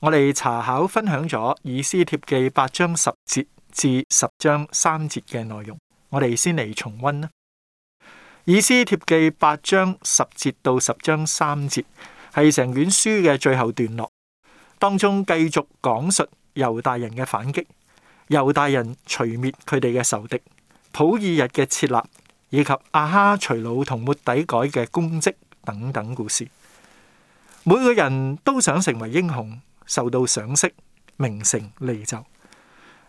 我哋查考分享咗《以斯帖記》八章十節至十章三節嘅內容，我哋先嚟重溫啦。《以斯帖記》八章十節到十章三節係成卷書嘅最後段落，當中繼續講述猶大人嘅反擊、猶大人除滅佢哋嘅仇敵、普爾日嘅設立以及亞哈隨魯同末底改嘅功績等等故事。每個人都想成為英雄。受到賞識、名成利就，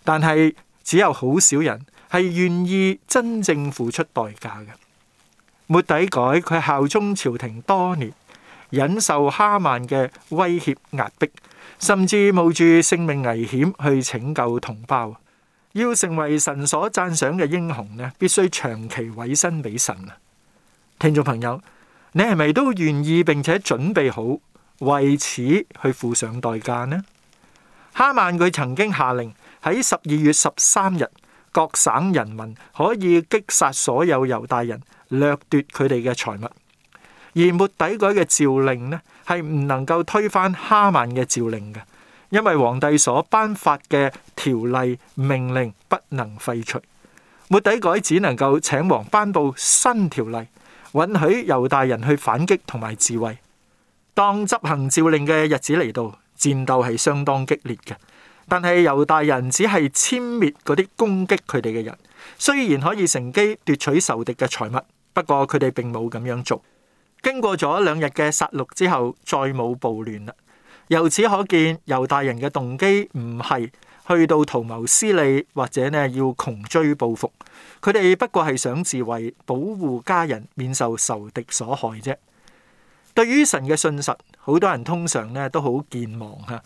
但係只有好少人係願意真正付出代價嘅。末底改，佢效忠朝廷多年，忍受哈曼嘅威脅壓迫，甚至冒住性命危險去拯救同胞。要成為神所讚賞嘅英雄呢，必須長期委身俾神啊！聽眾朋友，你係咪都願意並且準備好？為此去付上代價呢？哈曼佢曾經下令喺十二月十三日，各省人民可以擊殺所有猶大人，掠奪佢哋嘅財物。而末底改嘅詔令呢，係唔能夠推翻哈曼嘅詔令嘅，因為皇帝所頒發嘅條例命令不能廢除。末底改只能夠請王頒布新條例，允許猶大人去反擊同埋自衛。當執行詔令嘅日子嚟到，戰鬥係相當激烈嘅。但係猶大人只係殲滅嗰啲攻擊佢哋嘅人，雖然可以乘機奪取仇敵嘅財物，不過佢哋並冇咁樣做。經過咗兩日嘅殺戮之後，再冇暴亂啦。由此可見，猶大人嘅動機唔係去到圖謀私利或者呢要窮追報復，佢哋不過係想自衛，保護家人免受仇敵所害啫。對於神嘅信實，好多人通常咧都好健忘吓。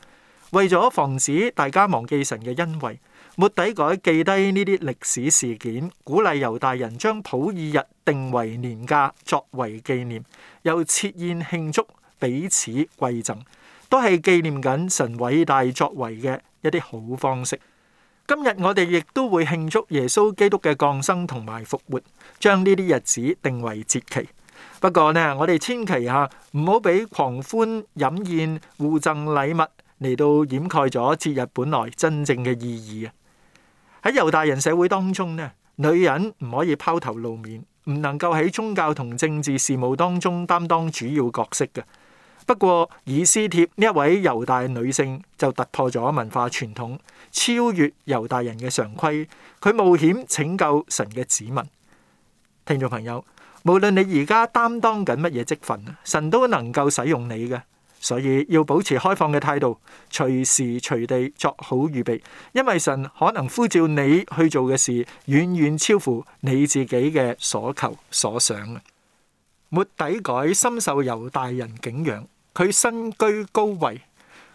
為咗防止大家忘記神嘅恩惠，末底改記低呢啲歷史事件，鼓勵猶大人將普爾日定為年假作為紀念，又設宴慶祝彼此饋贈，都係紀念緊神偉大作為嘅一啲好方式。今日我哋亦都會慶祝耶穌基督嘅降生同埋復活，將呢啲日子定為節期。不過呢，我哋千祈吓唔好俾狂歡飲宴、互贈禮物嚟到掩蓋咗節日本來真正嘅意義啊！喺猶大人社會當中咧，女人唔可以拋頭露面，唔能夠喺宗教同政治事務當中擔當主要角色嘅。不過，以斯帖呢一位猶大女性就突破咗文化傳統，超越猶大人嘅常規，佢冒險拯救神嘅子民。聽眾朋友。無論你而家擔當緊乜嘢職份，神都能夠使用你嘅，所以要保持開放嘅態度，隨時隨地作好預備，因為神可能呼召你去做嘅事，遠遠超乎你自己嘅所求所想啊。末底改深受猶大人景仰，佢身居高位，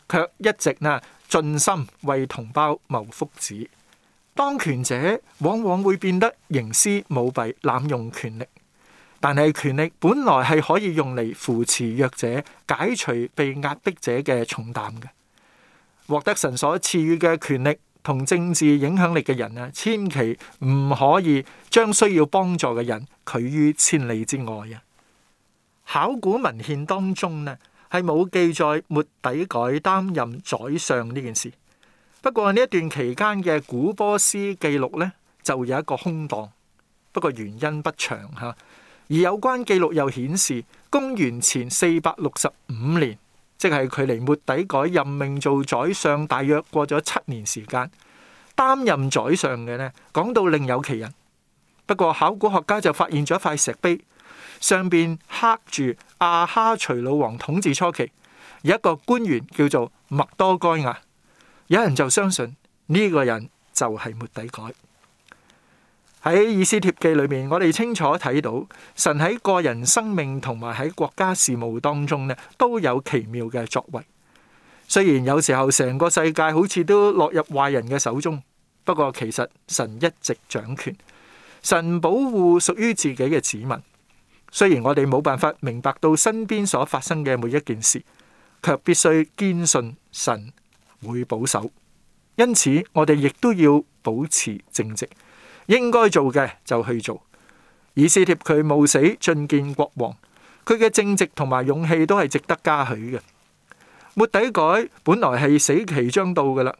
卻一直呢盡心為同胞謀福祉。當權者往往會變得營私舞弊、濫用權力。但係權力本來係可以用嚟扶持弱者、解除被壓迫者嘅重擔嘅。獲得神所賜予嘅權力同政治影響力嘅人啊，千祈唔可以將需要幫助嘅人拒於千里之外啊！考古文獻當中呢，係冇記載末底改擔任宰相呢件事。不過呢一段期間嘅古波斯記錄呢，就有一個空檔。不過原因不詳吓。而有關記錄又顯示，公元前四百六十五年，即係距離末底改任命做宰相，大約過咗七年時間。擔任宰相嘅呢，講到另有其人。不過考古學家就發現咗一塊石碑，上邊刻住亞哈隨魯王統治初期，有一個官員叫做麥多該亞。有人就相信呢個人就係末底改。喺《以斯帖記》裏面，我哋清楚睇到神喺個人生命同埋喺國家事務當中呢，都有奇妙嘅作為。雖然有時候成個世界好似都落入壞人嘅手中，不過其實神一直掌權，神保護屬於自己嘅子民。雖然我哋冇辦法明白到身邊所發生嘅每一件事，卻必須堅信神會保守。因此，我哋亦都要保持正直。應該做嘅就去做，以斯帖佢冒死，進見國王，佢嘅正直同埋勇氣都係值得嘉許嘅。末底改本來係死期將到噶啦，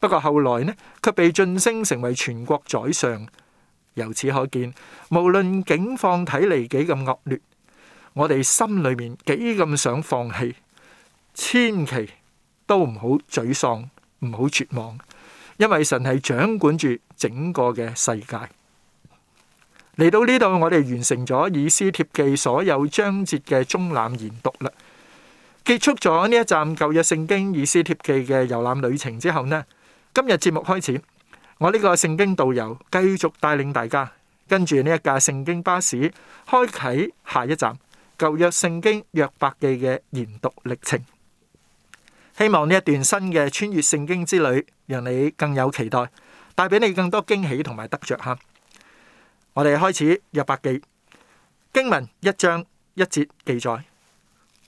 不過後來呢，卻被晉升成為全國宰相。由此可見，無論境況睇嚟幾咁惡劣，我哋心裏面幾咁想放棄，千祈都唔好沮喪，唔好絕望。因為神係掌管住整個嘅世界，嚟到呢度我哋完成咗以斯帖記所有章節嘅中覽研讀啦。結束咗呢一站舊約聖經以斯帖記嘅遊覽旅程之後呢，今日節目開始，我呢個聖經導遊繼續帶領大家跟住呢一架聖經巴士，開啟下一站舊約聖經約伯記嘅研讀歷程。希望呢一段新嘅穿越聖經之旅，讓你更有期待，帶俾你更多驚喜同埋得着吓。我哋開始約伯記經文一章一節記載：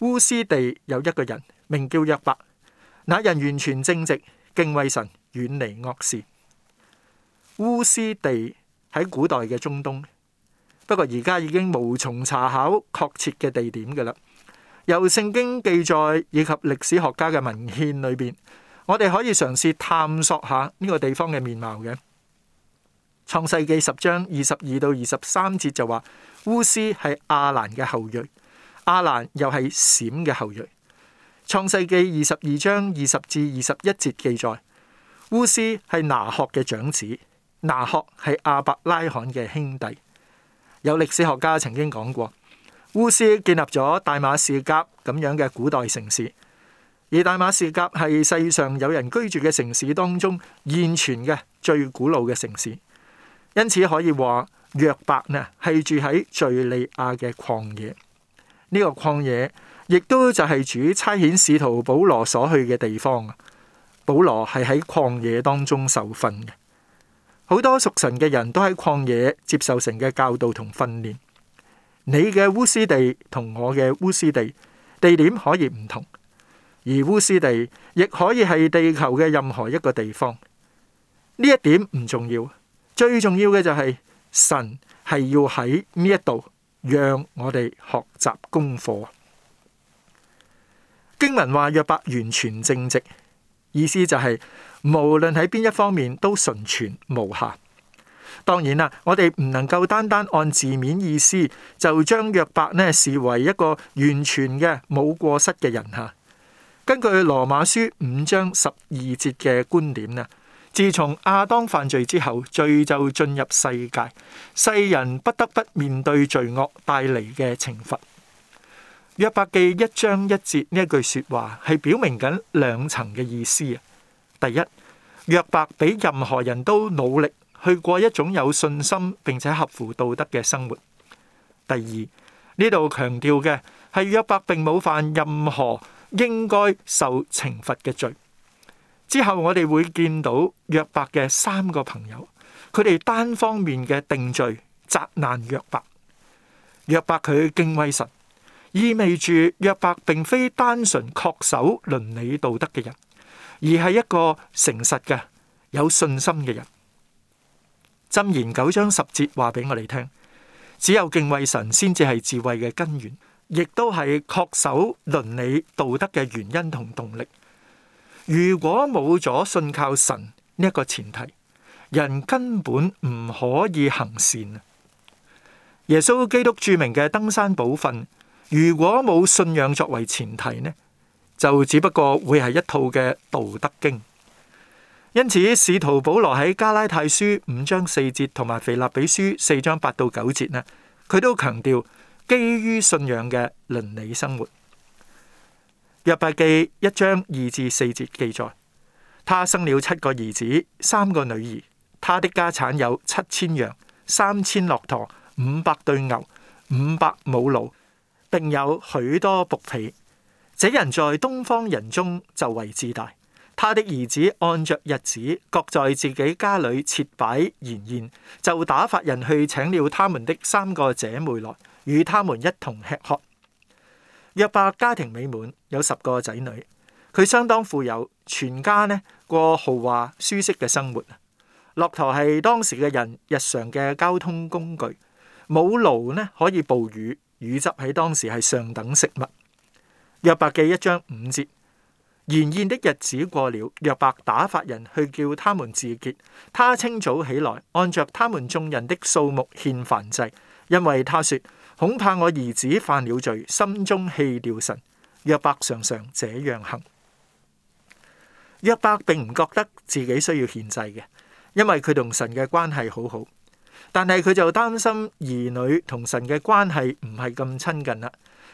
烏斯地有一個人名叫約伯，那人完全正直，敬畏神，遠離惡事。烏斯地喺古代嘅中東，不過而家已經無從查考確切嘅地點嘅啦。由聖經記載以及歷史學家嘅文獻裏邊，我哋可以嘗試探索下呢個地方嘅面貌嘅。創世紀十章二十二到二十三節就話，烏斯係亞蘭嘅後裔，亞蘭又係閃嘅後裔。創世紀二十二章二十至二十一節記載，烏斯係拿鶴嘅長子，拿鶴係亞伯拉罕嘅兄弟。有歷史學家曾經講過。烏斯建立咗大馬士革咁樣嘅古代城市，而大馬士革係世上有人居住嘅城市當中現存嘅最古老嘅城市。因此可以話，約伯呢係住喺敘利亞嘅曠野。呢、這個曠野亦都就係主差遣使徒保羅所去嘅地方。保羅係喺曠野當中受訓嘅，好多屬神嘅人都喺曠野接受神嘅教導同訓練。你嘅烏斯地同我嘅烏斯地地點可以唔同，而烏斯地亦可以係地球嘅任何一個地方。呢一點唔重要，最重要嘅就係、是、神係要喺呢一度讓我哋學習功課。經文話約伯完全正直，意思就係、是、無論喺邊一方面都純全無瑕。當然啦，我哋唔能夠單單按字面意思就將約伯呢視為一個完全嘅冇過失嘅人嚇。根據羅馬書五章十二節嘅觀點啦，自從亞當犯罪之後，罪就進入世界，世人不得不面對罪惡帶嚟嘅懲罰。約伯記一章一節呢句説話係表明緊兩層嘅意思啊。第一，約伯比任何人都努力，去過一種有信心並且合乎道德嘅生活。第二，呢度強調嘅係約伯，並冇犯任何應該受懲罰嘅罪。之後我哋會見到約伯嘅三個朋友，佢哋單方面嘅定罪，責難約伯。約伯佢嘅敬畏神，意味住約伯並非單純恪守倫理道德嘅人，而係一個誠實嘅有信心嘅人。箴言九章十節話俾我哋聽，只有敬畏神先至係智慧嘅根源，亦都係恪守倫理道德嘅原因同動力。如果冇咗信靠神呢一個前提，人根本唔可以行善啊！耶穌基督著名嘅登山寶訓，如果冇信仰作為前提呢，就只不過會係一套嘅道德經。因此，使徒保羅喺加拉太書五章四節同埋腓立比書四章八到九節呢，佢都強調基於信仰嘅倫理生活。約伯記一章二至四節記載，他生了七個兒子、三個女兒，他的家產有七千羊、三千駱駝、五百對牛、五百母驢，並有許多僕婢。這人在東方人中就為至大。他的兒子按着日子，各在自己家裏設擺筵宴，就打發人去請了他們的三個姐妹來，與他們一同吃喝。約伯家庭美滿，有十個仔女，佢相當富有，全家呢過豪華舒適嘅生活。駱駝係當時嘅人日常嘅交通工具，母驢呢，可以哺乳，乳汁喺當時係上等食物。約伯記一章五節。筵宴的日子過了，約伯打發人去叫他們自潔。他清早起來，按着他們眾人的數目獻燔祭，因為他說：恐怕我兒子犯了罪，心中棄掉神。約伯常常這樣行。約伯並唔覺得自己需要獻祭嘅，因為佢同神嘅關係好好，但係佢就擔心兒女同神嘅關係唔係咁親近啦，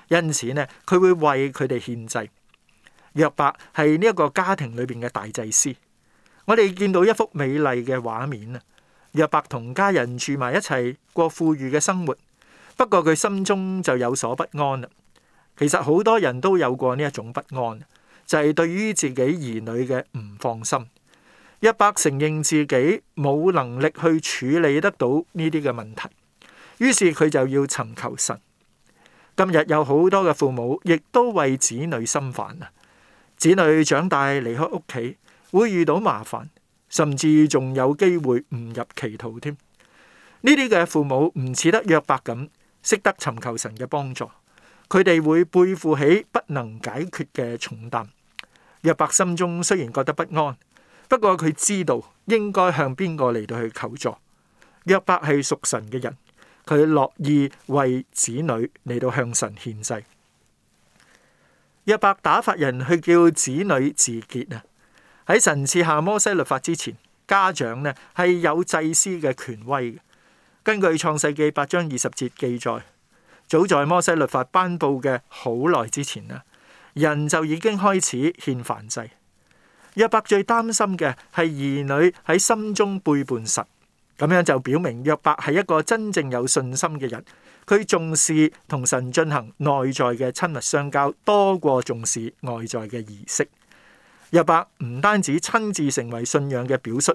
因此呢，佢會為佢哋獻祭。約伯係呢一個家庭裏邊嘅大祭司，我哋見到一幅美麗嘅畫面啊。約伯同家人住埋一齊，過富裕嘅生活。不過佢心中就有所不安啦。其實好多人都有過呢一種不安，就係、是、對於自己兒女嘅唔放心。約伯承認自己冇能力去處理得到呢啲嘅問題，於是佢就要尋求神。今日有好多嘅父母亦都為子女心煩啊。子女長大離開屋企，會遇到麻煩，甚至仲有機會誤入歧途添。呢啲嘅父母唔似得約伯咁，識得尋求神嘅幫助。佢哋會背負起不能解決嘅重擔。約伯心中雖然覺得不安，不過佢知道應該向邊個嚟到去求助。約伯係屬神嘅人，佢樂意為子女嚟到向神獻祭。約伯打發人去叫子女自潔啊！喺神賜下摩西律法之前，家長呢係有祭司嘅權威。根據創世紀八章二十節記載，早在摩西律法頒布嘅好耐之前啦，人就已經開始獻燔祭。約伯最擔心嘅係兒女喺心中背叛神，咁樣就表明約伯係一個真正有信心嘅人。佢重視同神進行內在嘅親密相交，多過重視外在嘅儀式。約伯唔單止親自成為信仰嘅表率，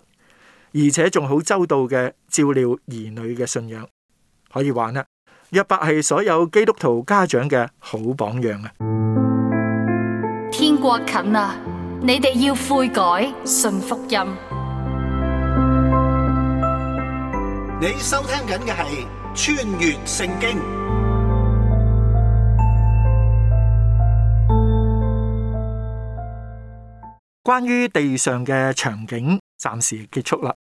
而且仲好周到嘅照料兒女嘅信仰。可以話啦，約伯係所有基督徒家長嘅好榜樣啊！天國近啦，你哋要悔改信福音。你收聽緊嘅係。穿越聖經，關於地上嘅場景暫時結束啦。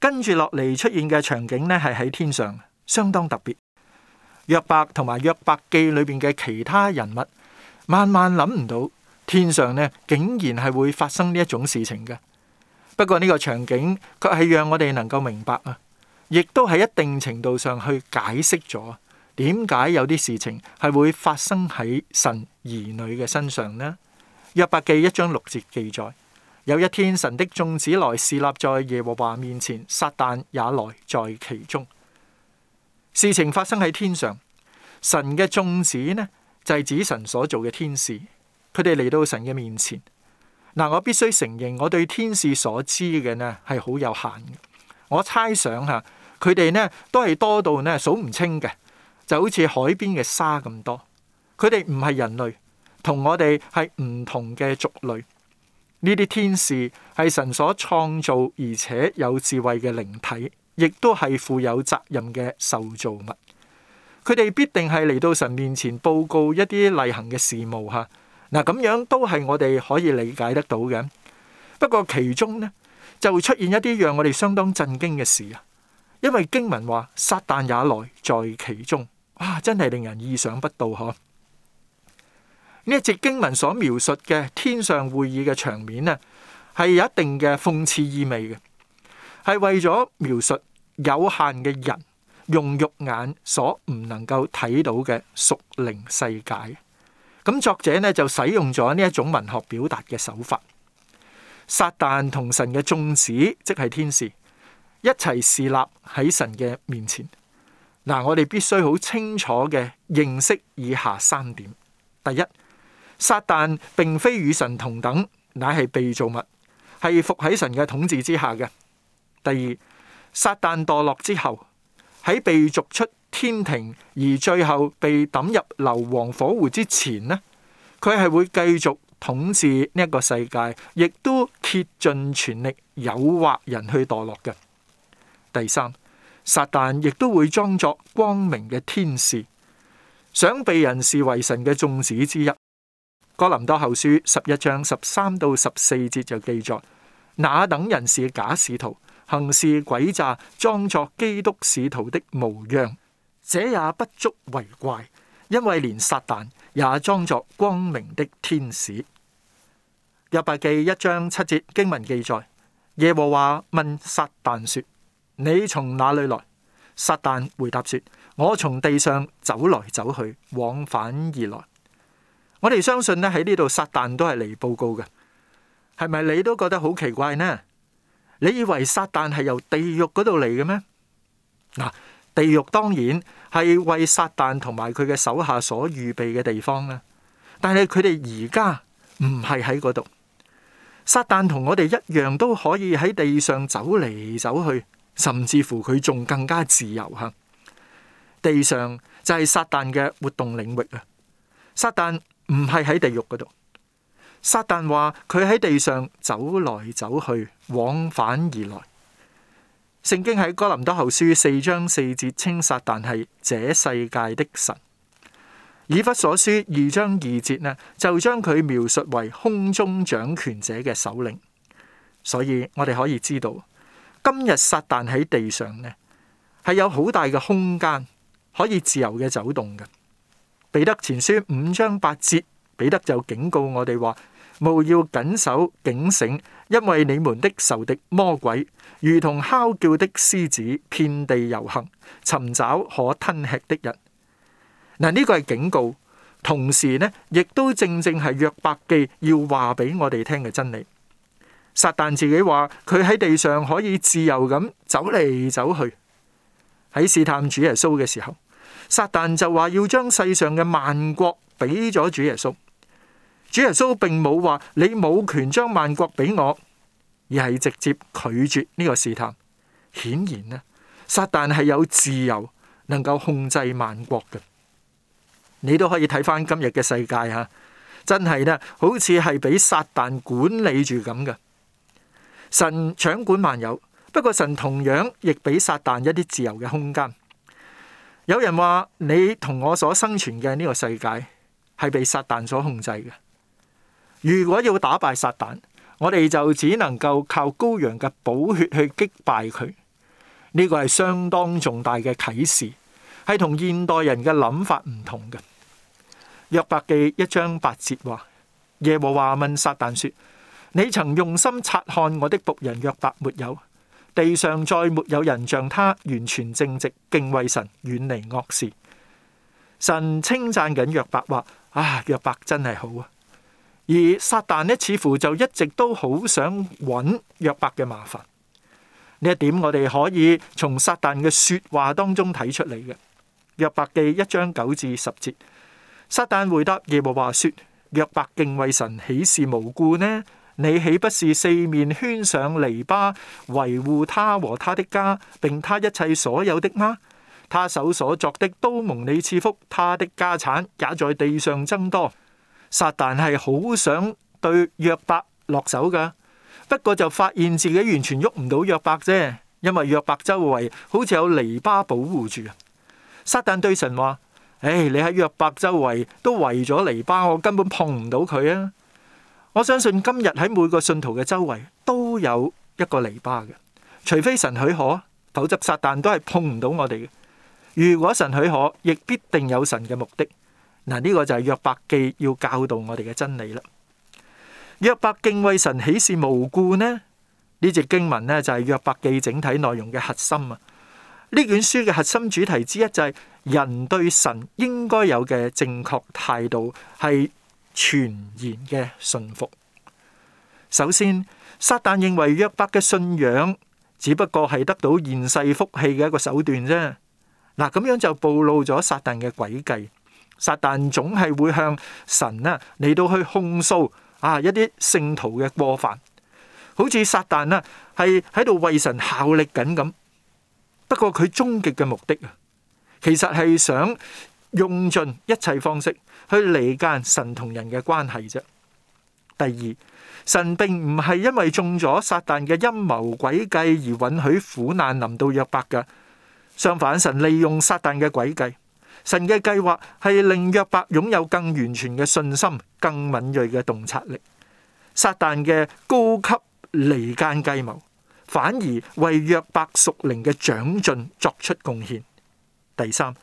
跟住落嚟出現嘅場景咧，係喺天上，相當特別。約伯同埋約伯記裏邊嘅其他人物，萬萬諗唔到天上咧，竟然係會發生呢一種事情嘅。不過呢個場景，卻係讓我哋能夠明白啊。亦都喺一定程度上去解釋咗點解有啲事情係會發生喺神兒女嘅身上呢？約伯記一章六節記載：有一天，神的眾子來侍立在耶和華面前，撒旦也來在其中。事情發生喺天上，神嘅眾子呢就係指神所做嘅天使，佢哋嚟到神嘅面前。嗱，我必須承認，我對天使所知嘅呢係好有限嘅。我猜想下。佢哋咧都係多到咧數唔清嘅，就好似海邊嘅沙咁多。佢哋唔係人類，我同我哋係唔同嘅族類。呢啲天使係神所創造，而且有智慧嘅靈體，亦都係負有責任嘅受造物。佢哋必定係嚟到神面前報告一啲例行嘅事務吓。嗱、啊，咁樣都係我哋可以理解得到嘅。不過其中咧就出現一啲讓我哋相當震驚嘅事啊！因為經文話撒但也來在其中，哇！真係令人意想不到嗬。呢一節經文所描述嘅天上會議嘅場面呢，係有一定嘅諷刺意味嘅，係為咗描述有限嘅人用肉眼所唔能夠睇到嘅屬靈世界。咁作者呢就使用咗呢一種文學表達嘅手法，撒但同神嘅眾子，即係天使。一齊侍立喺神嘅面前。嗱，我哋必須好清楚嘅認識以下三點：第一，撒旦並非與神同等，乃係被造物，係伏喺神嘅統治之下嘅。第二，撒旦墮落之後，喺被逐出天庭而最後被抌入硫磺火湖之前呢，佢係會繼續統治呢一個世界，亦都竭盡全力誘惑人去墮落嘅。第三，撒旦亦都會裝作光明嘅天使，想被人視為神嘅眾子之一。哥林多後書十一章十三到十四節就記載，那等人是假使徒，行事詭詐，裝作基督使徒的模樣。這也不足為怪，因為連撒旦也裝作光明的天使。約伯記一章七節經文記載，耶和華問撒旦說。你從哪裏來？撒旦回答說：我從地上走來走去，往返而來。我哋相信咧喺呢度，撒旦都係嚟報告嘅。係咪你都覺得好奇怪呢？你以為撒旦係由地獄嗰度嚟嘅咩？嗱，地獄當然係為撒旦同埋佢嘅手下所預備嘅地方啦。但係佢哋而家唔係喺嗰度，撒旦同我哋一樣都可以喺地上走嚟走去。甚至乎佢仲更加自由吓，地上就係撒旦嘅活動領域啊！撒旦唔係喺地獄嗰度，撒旦話佢喺地上走來走去，往返而來。聖經喺哥林多後書四章四節稱撒旦係這世界的神，以弗所書二章二節呢就將佢描述為空中掌權者嘅首領，所以我哋可以知道。今日撒旦喺地上呢，係有好大嘅空間可以自由嘅走動嘅。彼得前書五章八節，彼得就警告我哋話，務要謹守警醒，因為你們的仇敵魔鬼，如同哮叫的獅子，遍地遊行，尋找可吞吃的人。嗱，呢個係警告，同時呢，亦都正正係約伯記要話俾我哋聽嘅真理。撒旦自己話佢喺地上可以自由咁走嚟走去，喺試探主耶穌嘅時候，撒旦就話要將世上嘅萬國俾咗主耶穌。主耶穌並冇話你冇權將萬國俾我，而係直接拒絕呢個試探。顯然咧，撒旦係有自由能夠控制萬國嘅。你都可以睇翻今日嘅世界吓，真係咧好似係俾撒旦管理住咁嘅。神掌管萬有，不過神同樣亦俾撒旦一啲自由嘅空間。有人話你同我所生存嘅呢個世界係被撒旦所控制嘅。如果要打敗撒旦，我哋就只能夠靠羔羊嘅寶血去擊敗佢。呢個係相當重大嘅啟示，係同現代人嘅諗法唔同嘅。約伯記一章八節話：耶和華問撒旦說。你曾用心察看我的僕人約伯沒有？地上再沒有人像他完全正直，敬畏神，遠離惡事。神稱讚緊約伯話：啊，約伯真係好啊！而撒旦呢似乎就一直都好想搵約伯嘅麻煩。呢一點我哋可以從撒旦嘅說話當中睇出嚟嘅。約伯記一章九至十節，撒旦回答耶和華說：約伯敬畏神，豈是無故呢？你豈不是四面圈上籬笆，維護他和他的家，並他一切所有的嗎？他手所作的都蒙你賜福，他的家產也在地上增多。撒旦係好想對約伯落手噶，不過就發現自己完全喐唔到約伯啫，因為約伯周圍好似有籬笆保護住。撒旦對神話：唉、哎，你喺約伯周圍都圍咗籬笆，我根本碰唔到佢啊！我相信今日喺每個信徒嘅周圍都有一個籬笆嘅，除非神許可，否則撒旦都係碰唔到我哋嘅。如果神許可，亦必定有神嘅目的。嗱，呢個就係約伯記要教導我哋嘅真理啦。約伯敬畏神，豈是無故呢？呢節經文呢就係約伯記整體內容嘅核心啊！呢卷書嘅核心主題之一就係人對神應該有嘅正確態度係全然嘅信服。首先，撒旦認為約伯嘅信仰只不過係得到現世福氣嘅一個手段啫。嗱，咁樣就暴露咗撒旦嘅詭計。撒旦總係會向神啊嚟到去控訴啊一啲聖徒嘅過犯，好似撒旦啊係喺度為神效力緊咁。不過佢終極嘅目的其實係想用盡一切方式。去離間神同人嘅關係啫。第二，神並唔係因為中咗撒旦嘅陰謀詭計而允許苦難臨到約伯嘅，相反，神利用撒旦嘅詭計，神嘅計劃係令約伯擁有更完全嘅信心，更敏銳嘅洞察力。撒旦嘅高級離間計謀，反而為約伯屬靈嘅長進作出貢獻。第三。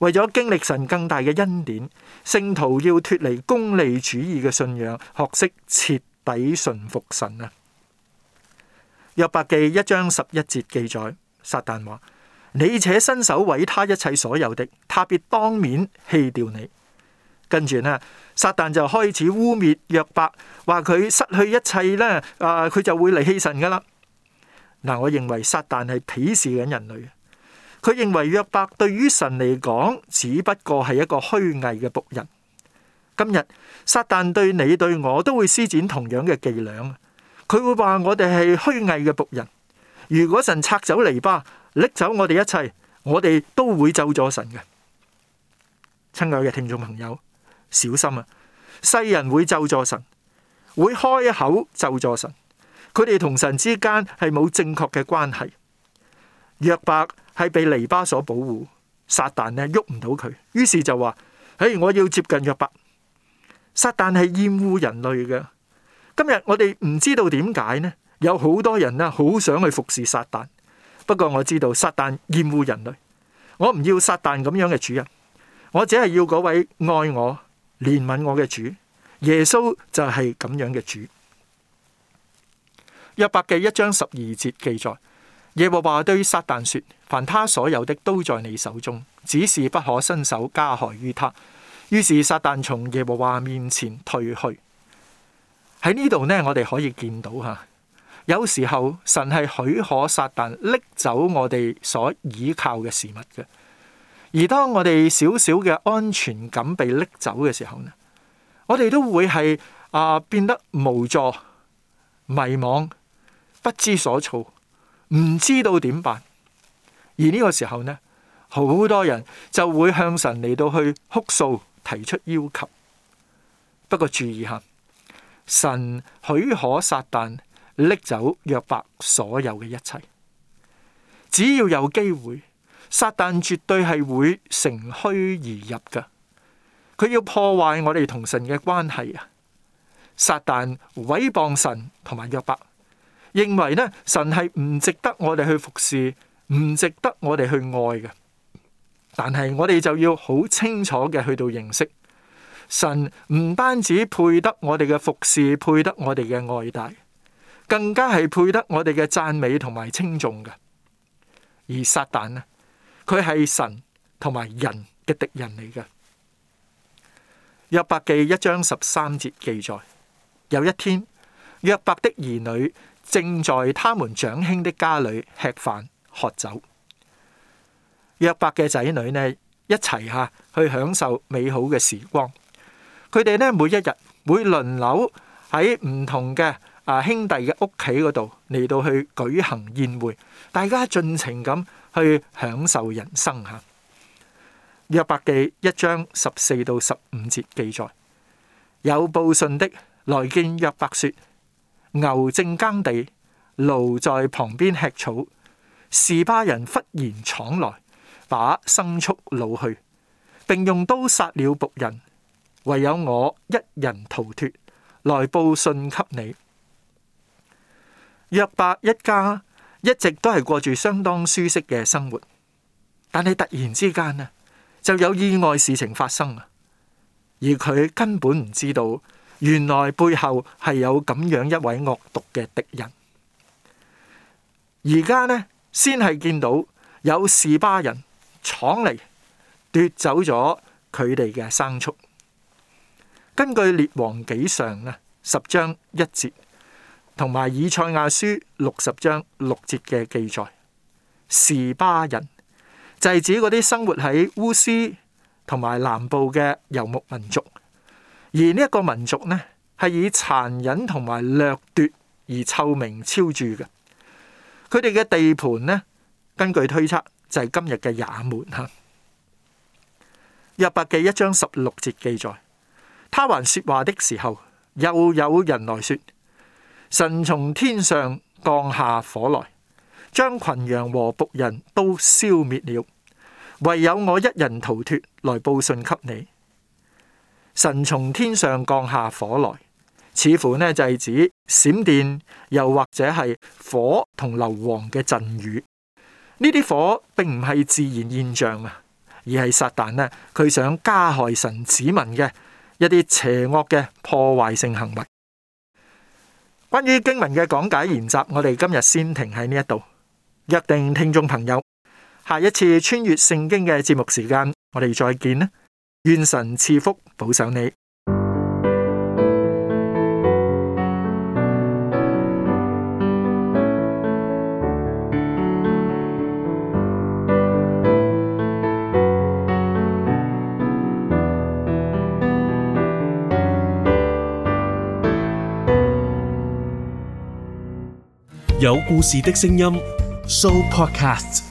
為咗經歷神更大嘅恩典，聖徒要脱離功利主義嘅信仰，學識徹底順服神啊！約伯記一章十一節記載，撒旦話：你且伸手毀他一切所有的，他必當面棄掉你。跟住呢，撒旦就開始污蔑約伯，話佢失去一切咧，啊、呃，佢就會離棄神噶啦。嗱，我認為撒旦係鄙視緊人類。佢認為約伯對於神嚟講只不過係一個虛偽嘅僕人。今日撒旦對你、對我都會施展同樣嘅伎倆，佢會話我哋係虛偽嘅僕人。如果神拆走籬笆，拎走我哋一切，我哋都會咒詛神嘅。親愛嘅聽眾朋友，小心啊！世人會咒詛神，會開口咒詛神。佢哋同神之間係冇正確嘅關係。約伯係被泥巴所保護，撒旦咧喐唔到佢，於是就話：哎，我要接近約伯。撒旦係厭惡人類嘅。今日我哋唔知道點解呢，有好多人咧好想去服侍撒旦。不過我知道撒旦厭惡人類，我唔要撒旦咁樣嘅主人，我只係要嗰位愛我、憐憫我嘅主。耶穌就係咁樣嘅主。約伯記一章十二節記載。耶和華對撒旦說：凡他所有的都在你手中，只是不可伸手加害於他。於是撒旦從耶和華面前退去。喺呢度呢，我哋可以見到吓，有時候神係許可撒旦拎走我哋所倚靠嘅事物嘅，而當我哋少少嘅安全感被拎走嘅時候呢，我哋都會係啊、呃、變得無助、迷惘、不知所措。唔知道點辦，而呢個時候呢，好多人就會向神嚟到去哭訴，提出要求。不過注意下，神許可撒旦拎走約伯所有嘅一切，只要有機會，撒旦絕對係會乘虛而入㗎。佢要破壞我哋同神嘅關係啊！撒旦毀謗神同埋約伯。認為咧，神係唔值得我哋去服侍，唔值得我哋去愛嘅。但係我哋就要好清楚嘅，去到認識神，唔單止配得我哋嘅服侍，配得我哋嘅愛戴，更加係配得我哋嘅讚美同埋稱頌嘅。而撒旦咧，佢係神同埋人嘅敵人嚟嘅。約伯記一章十三節記載，有一天，約伯的兒女。正在他們長兄的家裡吃飯、喝酒，約伯嘅仔女呢，一齊吓去享受美好嘅時光。佢哋呢，每一日會輪流喺唔同嘅啊兄弟嘅屋企嗰度嚟到去舉行宴會，大家盡情咁去享受人生吓。約伯記一章十四到十五節記載，有報信的來見約伯說。牛正耕地，驢在旁邊吃草。示巴人忽然闖來，把牲畜擄去，並用刀殺了僕人，唯有我一人逃脫，來報信給你。約伯一家一直都係過住相當舒適嘅生活，但係突然之間呢，就有意外事情發生，而佢根本唔知道。原來背後係有咁樣一位惡毒嘅敵人，而家呢，先係見到有士巴人闖嚟奪走咗佢哋嘅牲畜。根據《列王紀上》咧十章一節，同埋《以賽亞書》六十章六節嘅記載，士巴人就係指嗰啲生活喺烏斯同埋南部嘅遊牧民族。而呢一個民族呢，係以殘忍同埋掠奪而臭名昭著嘅。佢哋嘅地盤呢，根據推測就係、是、今日嘅也門哈。約伯記一章十六節，記載，他還説話的時候，又有人來説：神從天上降下火來，將群羊和僕人都消滅了，唯有我一人逃脫，來報信給你。神從天上降下火來，似乎呢就係指閃電，又或者係火同硫磺嘅陣雨。呢啲火並唔係自然現象啊，而係撒旦呢佢想加害神子民嘅一啲邪惡嘅破壞性行為。關於經文嘅講解研習，我哋今日先停喺呢一度，約定聽眾朋友下一次穿越聖經嘅節目時間，我哋再見啦。願神賜福，保守你。有故事嘅聲音，Show Podcast。